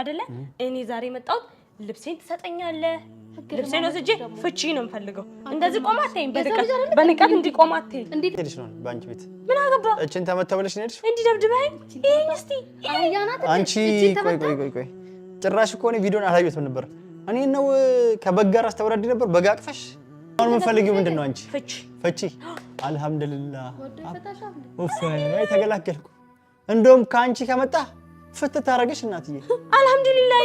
አይደለ? እኔ ዛሬ መጣሁት። ልብሴን ትሰጠኛለህ። ልብሴን ወስጄ ፍቺ ነው የምፈልገው። እንደዚህ ቆማ አትይኝ፣ በንቀት እንዲህ ቆማ አትይኝ። እንዴት ሄድሽ ነው? በአንቺ ቤት ምን አገባ? እችን ተመተው ብለሽ ነው ሄድሽ? እንዲህ ደብድበኸኝ? ይሄን እስቲ አንቺ። ቆይ ቆይ ቆይ ቆይ፣ ጭራሽ እኮ እኔ ቪዲዮን አላየሁትም ነበር። እኔ ነው ከበግ ጋር አስተወራዲ ነበር። በግ አቅፈሽ አሁን የምንፈልጊው ምንድን ነው? አንቺ ፍቺ ፍቺ። አልሐምዱሊላህ ተገላገልኩ። እንደውም ከአንቺ ከመጣ ፍትህ ታደርግሽ እናትዬ። አልሐምዱሊላህ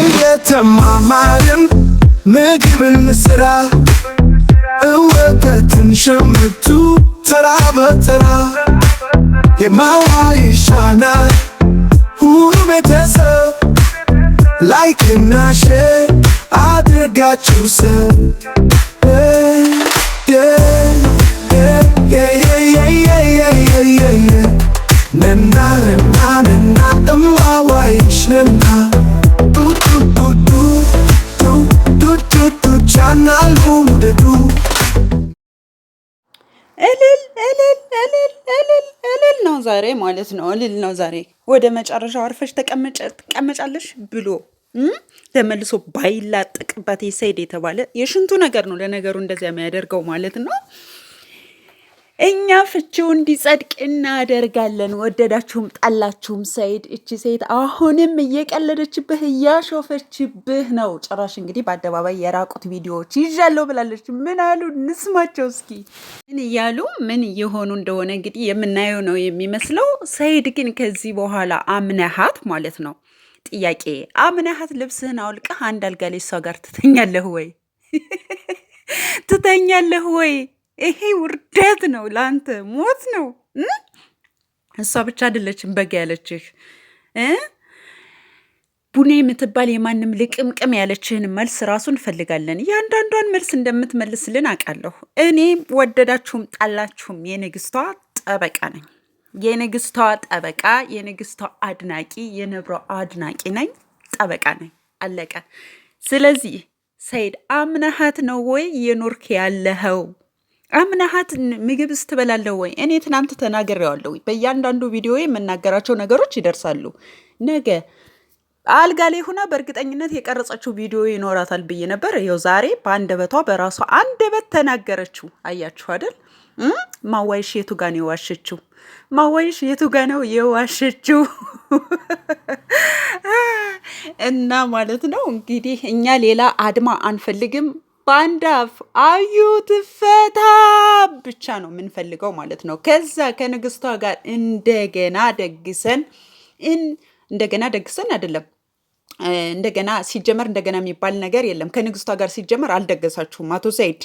እየተማማርን ምግብን ስራ እወተትን ሸምቱ ተራ በተራ የማዋ ይሻናል ሁሉ ቤተሰብ ላይክና ሼር አድርጋችሁ ሰብ እልል ነው ዛሬ ማለት ነው። እልል ነው ዛሬ። ወደ መጨረሻው አርፈሽ ተቀመጫለሽ ብሎ ተመልሶ ባይላጥቅባት ሰይድ የተባለ የሽንቱ ነገር ነው። ለነገሩ እንደዚያ የሚያደርገው ማለት ነው። እኛ ፍቺው እንዲጸድቅ እናደርጋለን። ወደዳችሁም ጠላችሁም ሰይድ እቺ ሴት አሁንም እየቀለደችብህ እያሾፈችብህ ነው። ጭራሽ እንግዲህ በአደባባይ የራቁት ቪዲዮዎች ይዣለሁ ብላለች። ምን አሉ እንስማቸው እስኪ። ምን እያሉ ምን እየሆኑ እንደሆነ እንግዲህ የምናየው ነው የሚመስለው። ሰይድ ግን ከዚህ በኋላ አምነሃት ማለት ነው። ጥያቄ አምነሃት ልብስህን አውልቀህ አንድ አልጋ ላይ እሷ ጋር ትተኛለህ ወይ? ትተኛለህ ወይ? ይሄ ውርደት ነው፣ ለአንተ ሞት ነው። እሷ ብቻ አይደለችም በግ ያለችህ ቡኔ የምትባል የማንም ልቅምቅም ያለችህን መልስ ራሱ እንፈልጋለን። እያንዳንዷን መልስ እንደምትመልስልን አውቃለሁ። እኔ ወደዳችሁም ጣላችሁም የንግስቷ ጠበቃ ነኝ። የንግስቷ ጠበቃ፣ የንግስቷ አድናቂ፣ የነብሯ አድናቂ ነኝ፣ ጠበቃ ነኝ። አለቀ። ስለዚህ ሰይድ አምነሃት ነው ወይ የኖርክ ያለኸው? አምናሃት ምግብ ስትበላለሁ ወይ? እኔ ትናንት ተናግሬዋለሁ። በእያንዳንዱ ቪዲዮ የምናገራቸው ነገሮች ይደርሳሉ። ነገ አልጋ ላይ ሆና በእርግጠኝነት የቀረጸችው ቪዲዮ ይኖራታል ብዬ ነበር። ይኸው ዛሬ በአንደበቷ በራሷ አንደበት ተናገረችው። አያችሁ አይደል? ማዋይሽ የቱ ጋ ነው የዋሸችው? ማዋይሽ የቱ ጋ ነው የዋሸችው? እና ማለት ነው እንግዲህ እኛ ሌላ አድማ አንፈልግም። በአንድ አፍ አዩ ትፈታ ብቻ ነው የምንፈልገው ማለት ነው። ከዛ ከንግስቷ ጋር እንደገና ደግሰን እንደገና ደግሰን አይደለም እንደገና ሲጀመር እንደገና የሚባል ነገር የለም። ከንግስቷ ጋር ሲጀመር አልደገሳችሁም አቶ ሰይድ።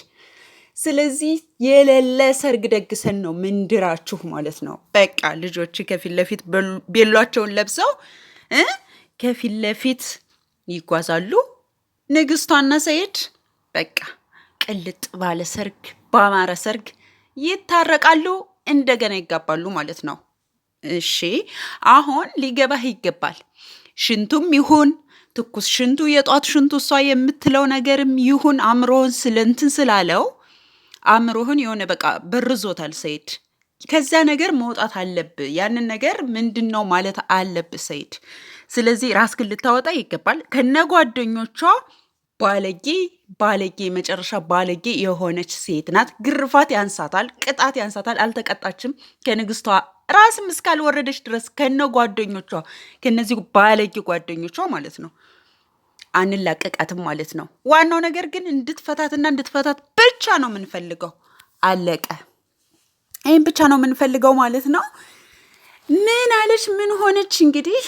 ስለዚህ የሌለ ሰርግ ደግሰን ነው ምንድራችሁ ማለት ነው። በቃ ልጆች ከፊት ለፊት ቤሏቸውን ለብሰው ከፊት ለፊት ይጓዛሉ። ንግስቷና ሰይድ በቃ ቅልጥ ባለ ሰርግ፣ በአማረ ሰርግ ይታረቃሉ፣ እንደገና ይጋባሉ ማለት ነው። እሺ አሁን ሊገባህ ይገባል። ሽንቱም ይሁን ትኩስ ሽንቱ የጧት ሽንቱ እሷ የምትለው ነገርም ይሁን አእምሮህን ስለንትን ስላለው አእምሮህን የሆነ በቃ በርዞታል ሰይድ። ከዚያ ነገር መውጣት አለብ ያንን ነገር ምንድን ነው ማለት አለብ ሰይድ። ስለዚህ ራስ ልታወጣ ይገባል ከነ ጓደኞቿ ባለጌ ባለጌ መጨረሻ ባለጌ የሆነች ሴት ናት። ግርፋት ያንሳታል፣ ቅጣት ያንሳታል። አልተቀጣችም። ከንግስቷ ራስም እስካልወረደች ድረስ ከነ ጓደኞቿ ከነዚህ ባለጌ ጓደኞቿ ማለት ነው አንላቀቃትም ማለት ነው። ዋናው ነገር ግን እንድትፈታትና እንድትፈታት ብቻ ነው የምንፈልገው። አለቀ። ይህም ብቻ ነው የምንፈልገው ማለት ነው። ምን አለች? ምን ሆነች? እንግዲህ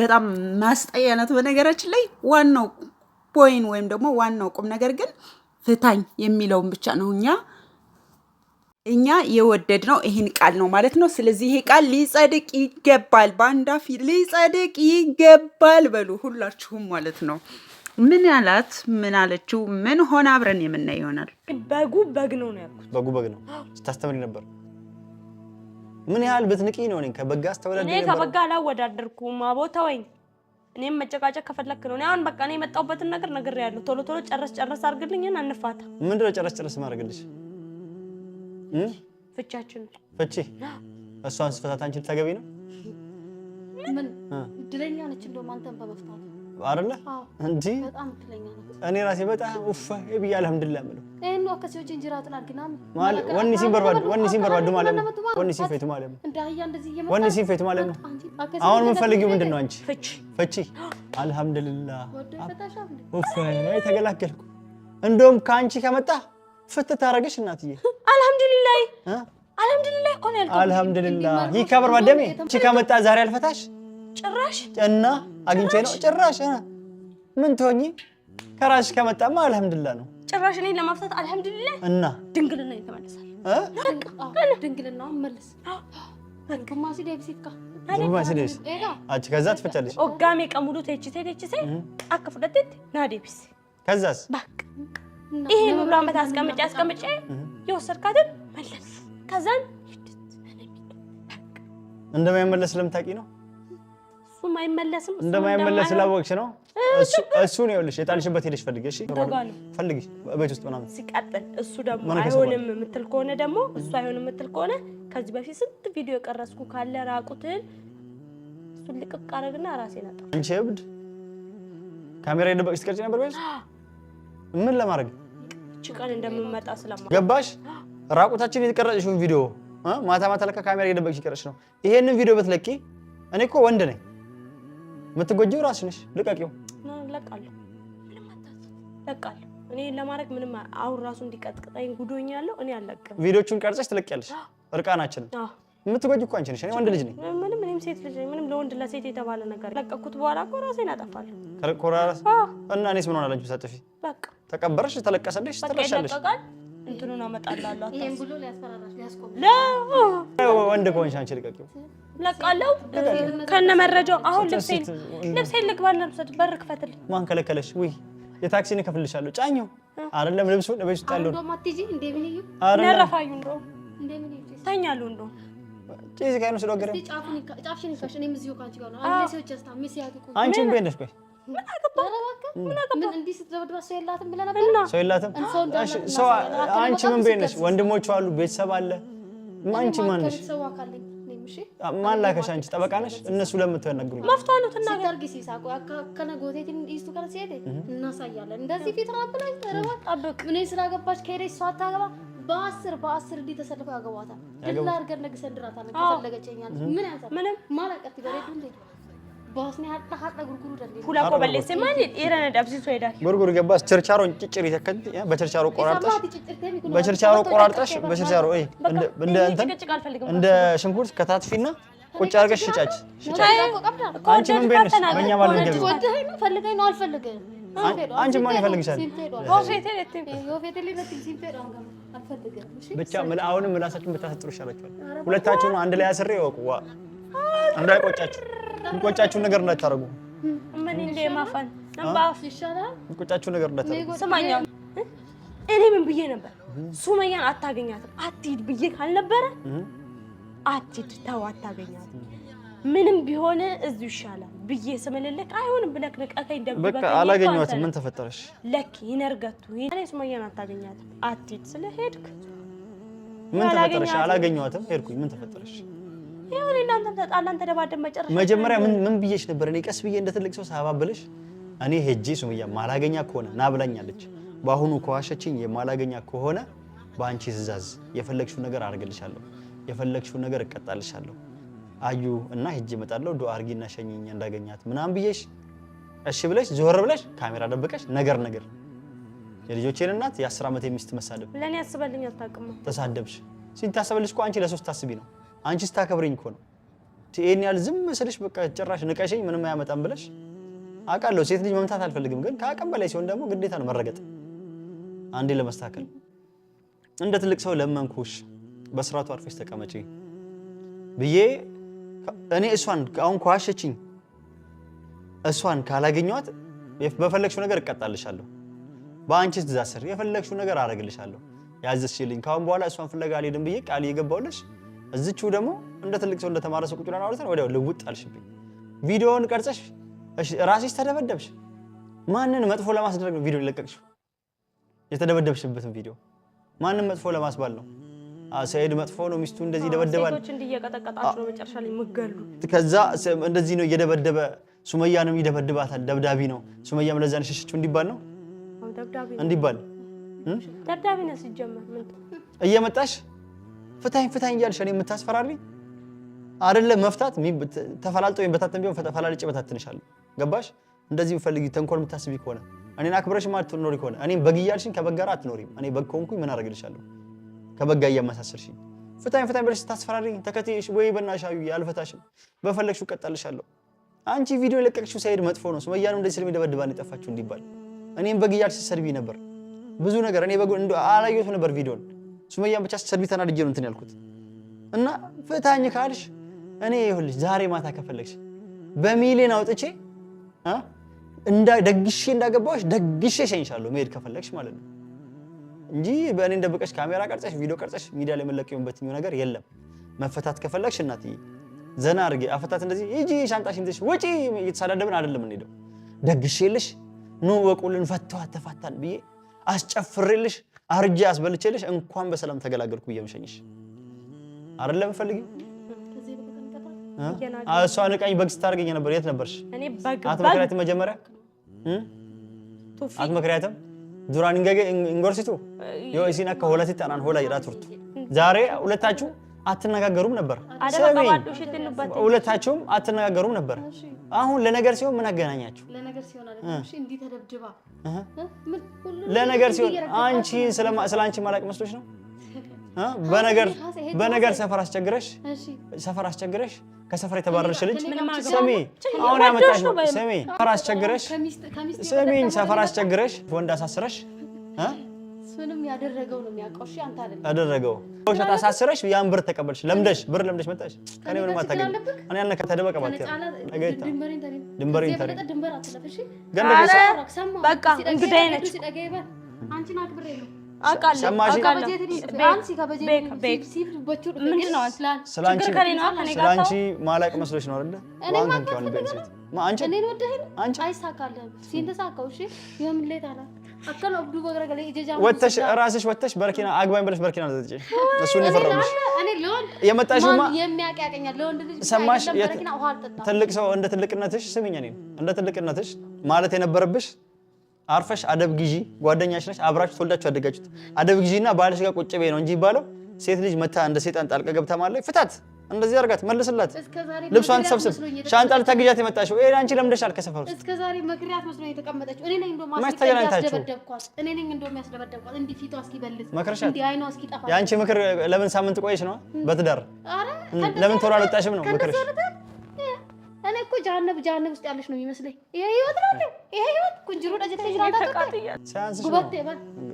በጣም ማስጠያ ናት። በነገራችን ላይ ዋናው ቦይን ወይም ደግሞ ዋናው ቁም ነገር ግን ፍታኝ የሚለውን ብቻ ነው እኛ እኛ የወደድ ነው ይህን ቃል ነው ማለት ነው። ስለዚህ ይሄ ቃል ሊጸድቅ ይገባል። በአንዳፊ ሊጸድቅ ይገባል በሉ ሁላችሁም ማለት ነው። ምን ያላት ምን አለችው? ምን ሆነ? አብረን የምናይ ይሆናል። በጉ በግ ነው ነው ያልኩት። በጉ በግ ነው ስታስተምሪ ነበር። ምን ያህል ብትንቂ ነው ከበጋ አስተወዳደ ከበጋ አላወዳደርኩም ቦታ ወይ እኔም መጨቃጨቅ ከፈለክ ነው። አሁን በቃ እኔ የመጣሁበትን ነገር ነግሬያለሁ። ቶሎ ቶሎ ጨረስ ጨረስ አድርግልኝን አንፋታ። ምንድን ነው ጨረስ ጨረስ ማድረግልሽ? ፍቻችን ፍቺ። እሷን ስፈታት አንቺ ልታገቢ ነው? ምን እድለኛ ነች እንደውም አንተን በመፍታት አይደለ እንዴ? እኔ ራሴ በጣም ኡፋ ብዬ አልሐምድሊላህ የምለው ወኒ ሲን ፌቱ ማለት ነው። አሁን የምንፈልጊው ምንድን ነው? አንቺ ፍቺ። አልሐምድሊላህ ኡፋ ተገላገልኩ። እንደውም ከአንቺ ከመጣ ፍትህ ታረገሽ እናትዬ። አልሐምድሊላህ አልሐምድሊላህ ይከበር ባደሜ። አንቺ ከመጣ ዛሬ አልፈታሽ ጭራሽ እና አግኝቼ ነው ጭራሽ ምን ትሆኚ ከራስሽ ከመጣማ አልሐምዱሊላህ ነው። ጭራሽ እኔ ለማፍታት አልሐምዱሊላህ እና ድንግልና ይተመለሳል ድንግልና መልስ ግማሲ ደብሲ ካ ደብሲ አቺ ከዛ ትፈጫለሽ ኦጋሜ ቀሙሉ ተቺ ተቺ ሰ አከፍ ደት ና ደብሲ ከዛስ በቃ ይሄ ሁሉ ዓመት አስቀምጬ አስቀምጬ የወሰድካትን መለስ ከዛን እንደማይመለስ ስለምታውቂ ነው እሱም አይመለስም። እንደማይመለስ ስላወቅሽ ነው። እሱን ይኸውልሽ የጣልሽበት ሄደሽ ፈልጊ፣ እሺ ፈልጊ፣ ቤት ውስጥ ምናምን። ሲቀጥል እሱ ደግሞ አይሆንም የምትል ከሆነ ደግሞ እሱ አይሆንም የምትል ከሆነ ከዚህ በፊት ስንት ቪዲዮ የቀረስኩ ካለ ራቁትን እሱን ልቅቅ አደረግና ራሴ ነጣ። አንቺ እብድ ካሜራ የደበቅሽ ትቀርጪ ነበር ቤት ውስጥ ምን ለማድረግ? እቺ እንደምመጣ ስለማ ገባሽ? ራቁታችን የተቀረጽሽውን ቪዲዮ ማታ ማታ ለካ ካሜራ የደበቅሽ ይቀረጽሽ ነው። ይሄንን ቪዲዮ ብትለቂ እኔ እኮ ወንድ ነኝ የምትጎጂው ራስሽ ነሽ። ልቀቂው። ለቃለሁ ለቃለሁ። እኔ ለማድረግ ምንም አሁን ራሱ እንዲቀጥቅጠኝ ጉዶኛለሁ። እኔ አልለቅም። ቪዲዮቹን ቀርጸሽ ትለቂያለሽ። እርቃናችን የምትጎጂው እኮ አንቺ ነሽ። እኔ ወንድ ልጅ ነኝ። ምንም እኔም ሴት ልጅ ነኝ። ምንም ለወንድ ለሴት የተባለ ነገር ለቀኩት በኋላ እኮ ራሴን አጠፋለሁ። እና እኔስ ምን ሆናለች ብሰጥፊ? በቃ ተቀበረሽ፣ ተለቀሰልሽ፣ ትረሻለሽ። እንትኑን አመጣልሃለሁ። ይሄን ብሎ ሊያስፈራራሽ ሊያስቆም ወንድ ከሆንሽ አንቺ ልቀቂው። ለቃለው ከነ መረጃው አሁን ልብሴን ልብሴን ልግባል ለብሰት በር ክፈትልኝ። ማን ከለከለሽ? ውይ የታክሲን እከፍልልሻለሁ። ጫኘው አይደለም ልብሱን እቤት ውስጥ ያለው ተኛሉ እንደው ጭዚ ከአይኑ ስለወገደ አንቺ ቤት ቆይ ሰው የላትም። አንቺ ምን ቤት ነሽ? ወንድሞቹ አሉ፣ ቤተሰብ አለ። አንቺ ማን ማን ላከሽ? አንቺ ጠበቃ ነሽ? እነሱ ለምትነግሩ መፍቷ ነው ትናገር ጊዜ ሳቆ ከነጎቴትን ኢስቱ ጋር ሲሄድ እናሳያለን። እንደዚህ ፊት ማብላኝ ተረባ ጠብቅ። እኔ ስራ ገባች ከሄደች እሷ አታገባ በአስር በአስር እንዲህ ተሰልፈው ያገቧታል። ድል አድርገን ነግሰን ድራታ ነው ከፈለገችኛል ምን ያንሳል? ምንም ማለቀት ይበሬ ዱንዴ ጉርጉር ገባስ ቸርቻሮን ጭጭር ይተከል በቸርቻሮ ቆራርጠሽ በቸርቻሮ ቆራርጠሽ በቸርቻሮ እንደ ሽንኩርት ከታትፊና ቁጭ አድርገሽ ሽጫች ሽጫች። አንቺ ምን ቤት በእኛ ባለ ነገር ነው። አንቺ ማን ይፈልግሻል? ብቻ አሁንም ምላሳችሁን ብታሰጥሩ ይሻላችኋል። ሁለታችሁም አንድ ላይ አስሬ ይወቁ እንዳይቆጫችሁ እንቆጫችሁ ነገር እንዳታረጉ። ምን እንደ ማፈን ነባስ ይሻላል። እንቆጫችሁ ነገር እንዳታረጉ። ስማኛ እኔ ምን ብዬ ነበር? ሱመያን አታገኛትም አትሂድ ብዬ ካልነበረ አትሂድ ተው፣ አታገኛትም ምንም ቢሆን እዚሁ ይሻላል ብዬ ስምልልክ አይሆንም ብለክ ንቀከኝ ደብበ በቃ አላገኘኋትም። ምን ተፈጠረሽ? ለክ ይነርገቱ እኔ ሱመያን አታገኛትም አትሂድ ስለሄድክ ምን ተፈጠረሽ? አላገኘኋትም ሄድኩኝ። ምን ተፈጠረሽ? ይሁን እናንተም ተጣላን ተደባደብ። መጨረሻ መጀመሪያ ምን ምን ብዬሽ ነበር? እኔ ቀስ ብዬ እንደ ትልቅ ሰው ሳባብልሽ እኔ ሄጄ ሱምያ ማላገኛ ከሆነ ና ብላኛለች። በአሁኑ ከዋሸችኝ የማላገኛ ከሆነ በአንቺ ትእዛዝ የፈለግሽው ነገር አድርግልሻለሁ፣ የፈለግሽው ነገር እቀጣልሻለሁ። አዩ እና ሄጄ እመጣለሁ፣ ዱአ አድርጊና ሸኝኝ እንዳገኛት ምናምን ብዬሽ እሺ ብለሽ ዞር ብለሽ ካሜራ ደብቀሽ ነገር ነገር የልጆቼን እናት የአስር ዓመት የሚስት መሳደብ ለእኔ አስበልኝ አታውቅም። ተሳደብሽ ሲታሰብልሽ እኮ አንቺ ለሶስት ታስቢ ነው አንቺ ስታከብረኝ እኮ ነው። ይሄን ያህል ዝም ስልሽ በቃ ጭራሽ ንቀሽኝ ምንም አያመጣም ብለሽ አውቃለሁ። ሴት ልጅ መምታት አልፈልግም፣ ግን ከአቅም በላይ ሲሆን ደግሞ ግዴታ ነው መረገጥ። አንዴ ለመስተካከል እንደ ትልቅ ሰው ለመንኩሽ፣ በስርዓቱ አርፈሽ ተቀመጪ ብዬ እኔ እሷን አሁን ከዋሸችኝ እሷን ካላገኘኋት በፈለግሽው ነገር እቀጣልሻለሁ። በአንቺ ትእዛዝ ስር የፈለግሽው ነገር አደርግልሻለሁ። ያዘሽልኝ ከአሁን በኋላ እሷን ፍለጋ አልሄድም ብዬ ቃል እየገባሁልሽ እዝችው ደግሞ እንደ ትልቅ ሰው እንደተማረ ሰው ቁጭ ብለን አውርተን ወዲያው ልውጥ አልሽብኝ። ቪዲዮውን ቀርጸሽ ራስሽ ተደበደብሽ። ማንን መጥፎ ለማስደረግ ነው ቪዲዮ ለቀቅሽው? የተደበደብሽበትን ቪዲዮ ማንም መጥፎ ለማስባል ነው። ሰኢድ መጥፎ ነው፣ ሚስቱ እንደዚህ ይደበደባል። ከዛ እንደዚህ ነው እየደበደበ ሱመያንም ይደበድባታል። ደብዳቢ ነው። ሱመያም ለዛ ነው ሸሸችው እንዲባል ነው እንዲባል እየመጣሽ ፍታኝ ፍታኝ እያልሽ እኔ የምታስፈራሪ አይደለ? መፍታት ተፈላልጦ ወይም በታተን ቢሆን ተፈላልጭ በታትንሻለሁ። ገባሽ? እንደዚህ ፈልጊ ተንኮል የምታስቢ ከሆነ እኔን አክብረሽ አትኖሪ ከሆነ እኔም በግ እያልሽኝ ከበጋራ ጋር አትኖሪም። እኔ በግ ከሆንኩኝ ምን አደርግልሻለሁ? ከበጋ ጋር እያመሳሰርሽኝ ፍታኝ ፍታኝ ብለሽ ስታስፈራሪኝ ተከትዬሽ ወይ በናሻዩ አልፈታሽም፣ በፈለግሽው እቀጣልሻለሁ። አንቺ ቪዲዮ የለቀቅሽው ሳይድ መጥፎ ነው። ሱመያን እንደዚህ ስለሚ ደበድባን የጠፋችሁ እንዲባል እኔም በግ እያልሽ ስትሰድቢ ነበር ብዙ ነገር እኔ በግ አላየሁት ነበር ቪዲዮን ሱመያን ብቻ ሰርቢታን አድርጌ ነው እንትን ያልኩት እና ፍታኝ ካልሽ እኔ ይኸውልሽ ዛሬ ማታ ከፈለግሽ በሚሊዮን አውጥቼ ደግሼ እንዳገባሽ ደግሼ እሸኝሻለሁ፣ መሄድ ከፈለግሽ ማለት ነው እንጂ በእኔ እንደበቀሽ ካሜራ ቀርጸሽ ቪዲዮ ቀርጸሽ ሚዲያ ላይ መለቀቂበት የሚሆን ነገር የለም። መፈታት ከፈለግሽ እናትዬ ዘና አድርጌ አፈታት እንደዚህ ሂጂ ሻንጣሽን ይዘሽ ውጪ እየተሳዳደብን አይደለም እንሄደው ደግሼልሽ ኑ ወቁልን ፈተዋት ተፋታን ብዬ አስጨፍሬልሽ አርጄ አስበልቼልሽ እንኳን በሰላም ተገላገልኩ ብዬ መሸኝሽ አይደለም ፈልጊ እሷ ንቃኝ በግ ስታደርገኝ ነበር። የት ነበርሽ? አትመክሪያትም? መጀመሪያ አትመክሪያትም? ዱራን እንገገ እንጎርሲቱ የሲና ከሁለት ይጣናን ሆላ ይራቱርቱ ዛሬ ሁለታችሁ አትነጋገሩም ነበር። ሁለታችሁም አትነጋገሩም ነበር። አሁን ለነገር ሲሆን ምን አገናኛችሁ? ለነገር ሲሆን አይደለም። እሺ እንዲህ ተደብድባ ለነገር ሲሆን አንቺ ስለ ማላቅ መስሎሽ ነው? በነገር በነገር ሰፈር አስቸግረሽ ሰፈር አስቸግረሽ ከሰፈር የተባረርሽ ልጅ ስሚ፣ አሁን ያመጣሽ ነው። ሰፈር አስቸግረሽ ስሚኝ፣ ሰፈር አስቸግረሽ ወንድ አሳስረሽ እሱንም ያደረገው ነው የሚያውቀው። አንተ አይደለም ያደረገው። ውሸት አሳስረሽ ያን ብር ተቀበልሽ፣ ለምደሽ ብር ለምደሽ መጣሽ። እኔ ምንም አታገኝ። እኔ ያነካ ተደበቀ ማለት ነው። ድንበሬን ታሪ ድንበር በቃ እንግዳዬ ነች። አንቺን አክብሬ ነው ስለአንቺ ማላቅ መስሎች ነው አይደለ? አንቺ አይሳካልህም። ሲንተሳካው እሺ የምን ሌት አላት ወተሽ ራስሽ ወተሽ በርኪና አግባኝ ብለሽ በርኪና ዘጭ። እሱ ነው የፈራሁልሽ። የመጣሽማ ሰማሽ። ትልቅ ሰው እንደ ትልቅነትሽ ስሚኝ፣ እኔን እንደ ትልቅነትሽ ማለት የነበረብሽ አርፈሽ አደብ ግዢ። ጓደኛሽ ነሽ፣ አብራችሁ ተወልዳችሁ ያደጋችሁት። አደብ ግዢና ባልሽ ጋር ቁጭ በይ ነው እንጂ ይባለው። ሴት ልጅ መታ እንደ ሴጣን ጣልቃ ገብታ ማለት ፍታት እንደዚህ አድርጋት መልስላት። ልብሷን ሰብስብ። ሻንጣ ልታግዣት የመጣሽው ይሄ አንቺ ለምደሻል። ከሰፈር ውስጥ እኔ እኔ ፊቷ አይኗ የአንቺ ምክር ለምን ሳምንት ቆይሽ ነው? በትዳር ለምን ቶሎ አልወጣሽም ነው ምክርሽ? እኔ እኮ ጃነብ ጃነብ ውስጥ ያለሽ ነው የሚመስለኝ። ይሄ ህይወት ነው። ይሄ ህይወት ቁንጅሮ ደጀት ይችላል።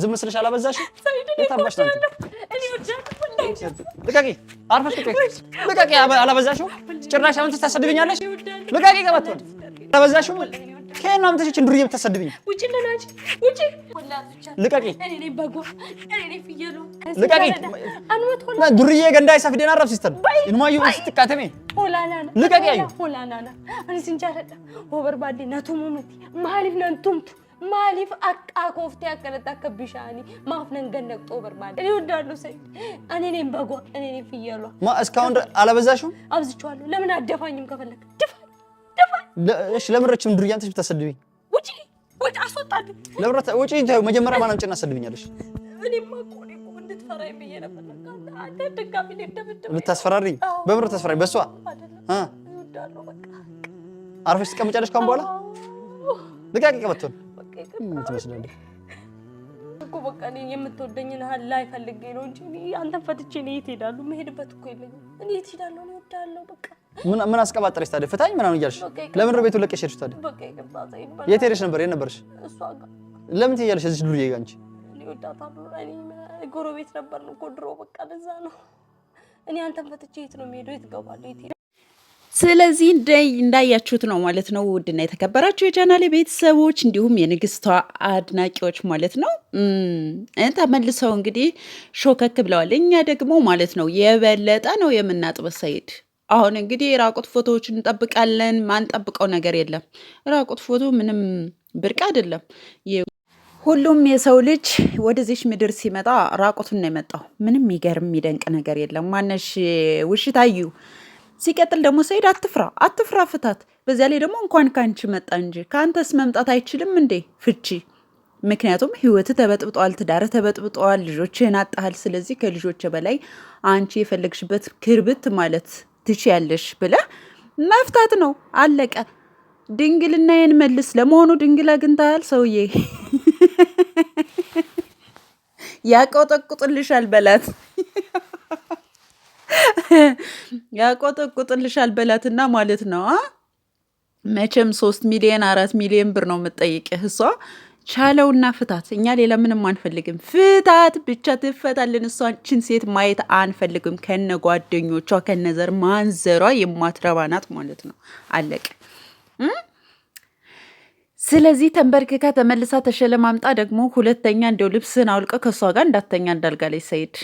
ዝም መስለሽ አላበዛሽ? የታባሽ ነው? ልቀቂ! አርፈሽ ልቀቂ! ልቀቂ! አላበዛሽው? ጭራሽ አምጥተሽ ታሰድብኛለሽ? ልቀቂ! ቀበቶን አላበዛሽው? ከየት ነው አምጥተሽ ዱርዬ የምታሰድብኝ? ልቀቂ! ልቀቂ! ዱርዬ ገንዳ ይሰፍደና አረብ ሲስተር እንማዩ ስትቃተሜ ልቀቂ! አዩ ማሊፍ akka akooftee akkanatti akka bishaanii maaf nan gandaqxoo እኔ እወዳለሁ ሰኢድ። እኔ ነኝ በጓ፣ እኔ ነኝ ፍየሏ። ማ እስካሁን አላበዛሽም? አብዝቼዋለሁ። ለምን አደፋኝም? ከፈለክ ድፋ ድፋ። እሺ ለምን ረችም ዱርዬ ብታሰድብኝ ውጪ ውጪ አስወጣልኝ። ለምን ውጪ መጀመሪያ ማን አምጪና አሰድብኛለሽ? እኔ እኮ እንድትፈራኝ በምር ታስፈራሪኝ? በእሷ አርፈሽ ትቀመጫለሽ ካሁን በኋላ ልቃቂ ቀበቶን ትመስላለህ እኮ በቃ እኔ የምትወደኝን ሀል ላይ ፈልጌ ነው እንጂ አንተን ፈትቼ እኔ የት እሄዳለሁ? መሄድበት እኮ የለኝም። እኔ የት እሄዳለሁ? እኔ እወድሃለሁ በቃ ምን ምን አስቀባጠረሽ ታዲያ? ፍታኝ ምናምን እያልሽ ለምን ነው ቤቱን ለቀሽ ሄድሽ? ታዲያ የት ሄደሽ ነበር? የት ነበርሽ? ለምን ትሄጃለሽ? እዚህ ዱርዬ ጋር አንቺ ጎረቤት ነበር እኮ ድሮ። በቃ ለዛ ነው እኔ አንተን ፈትቼ የት ነው የምሄደው? የት እገባለሁ? የት ስለዚህ እንዳያችሁት ነው ማለት ነው። ውድና የተከበራችሁ የቻናሌ ቤተሰቦች እንዲሁም የንግስቷ አድናቂዎች ማለት ነው ተመልሰው እንግዲህ ሾከክ ብለዋል። እኛ ደግሞ ማለት ነው የበለጠ ነው የምናጥበ ሰይድ አሁን እንግዲህ የራቁት ፎቶዎች እንጠብቃለን። ማንጠብቀው ነገር የለም። ራቁት ፎቶ ምንም ብርቅ አይደለም። ሁሉም የሰው ልጅ ወደዚች ምድር ሲመጣ ራቁቱን ነው የመጣው። ምንም የሚገርም የሚደንቅ ነገር የለም። ማነሽ ውሽታዩ ሲቀጥል ደግሞ ሰኢድ አትፍራ አትፍራ ፍታት። በዚያ ላይ ደግሞ እንኳን ከአንቺ መጣ እንጂ ከአንተስ መምጣት አይችልም እንዴ ፍቺ። ምክንያቱም ህይወት ተበጥብጠዋል፣ ትዳር ተበጥብጠዋል፣ ልጆችህን አጣሃል። ስለዚህ ከልጆች በላይ አንቺ የፈለግሽበት ክርብት ማለት ትችያለሽ ብለህ መፍታት ነው አለቀ። ድንግልናዬን መልስ። ለመሆኑ ድንግል አግኝተሃል? ሰውዬ ያቆጠቁጥልሻል በላት። ያቆጠቁጥልሻል በላትና ማለት ነው። መቼም ሶስት ሚሊዮን አራት ሚሊዮን ብር ነው የምጠይቅህ እሷ ቻለውና ፍታት። እኛ ሌላ ምንም አንፈልግም፣ ፍታት ብቻ ትፈታልን። እሷችን ሴት ማየት አንፈልግም፣ ከነ ጓደኞቿ ከነዘር ማንዘሯ የማትረባ ማለት ነው። አለቀ። ስለዚህ ተንበርክካ ተመልሳ ተሸለማምጣ ደግሞ ሁለተኛ እንደው ልብስን አውልቀ ከእሷ ጋር እንዳተኛ እንዳልጋ ላይ ሰይድ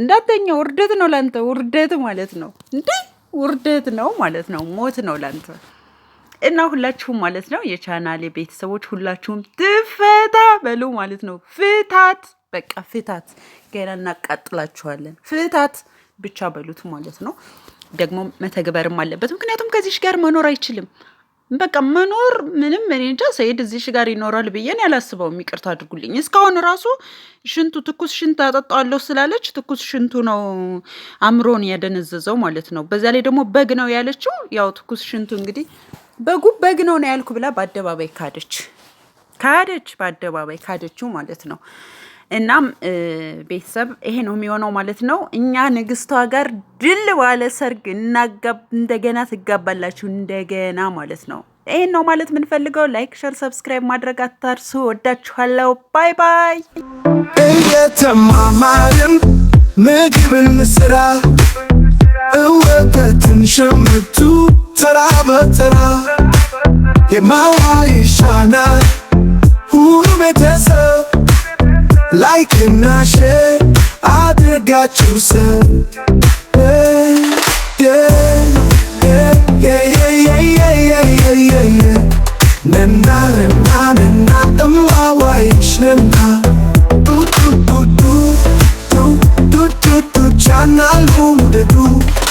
እንዳተኛ ውርደት ነው ላንተ። ውርደት ማለት ነው እንዴ ውርደት ነው ማለት ነው። ሞት ነው ላንተ። እና ሁላችሁም ማለት ነው የቻናሌ ቤተሰቦች ሁላችሁም ትፈታ በሉ ማለት ነው። ፍታት፣ በቃ ፍታት። ገና እናቃጥላችኋለን። ፍታት ብቻ በሉት ማለት ነው። ደግሞ መተግበርም አለበት። ምክንያቱም ከዚች ጋር መኖር አይችልም። በቃ መኖር ምንም እኔ እንጃ። ሰኢድ እዚህ ጋር ይኖራል ብዬን ያላስበው ይቅርታ አድርጉልኝ። እስካሁን ራሱ ሽንቱ ትኩስ ሽንት አጠጣዋለሁ ስላለች ትኩስ ሽንቱ ነው አእምሮን ያደነዘዘው ማለት ነው። በዛ ላይ ደግሞ በግ ነው ያለችው። ያው ትኩስ ሽንቱ እንግዲህ በጉ በግ ነው ነው ያልኩ ብላ በአደባባይ ካደች ካደች፣ በአደባባይ ካደችው ማለት ነው። እናም ቤተሰብ ይሄ ነው የሚሆነው ማለት ነው። እኛ ንግስቷ ጋር ድል ባለ ሰርግ እንደገና ትጋባላችሁ እንደገና ማለት ነው። ይሄን ነው ማለት የምንፈልገው። ላይክ፣ ሸር፣ ሰብስክራይብ ማድረግ አታርሱ። ወዳችኋለሁ። ባይ ባይ። እየተማማርን ምግብን ስራ እወተትን ሸምቱ ተራ በተራ የማዋይሻናል ሁሉ ቤተሰብ like in a share. I did got you said. Yeah, yeah, yeah, yeah, yeah, yeah, yeah, yeah, yeah, yeah. Nena, nena, nena, tamawa ish na. Du, du, du, du, du, du, du, du, chana lum de du.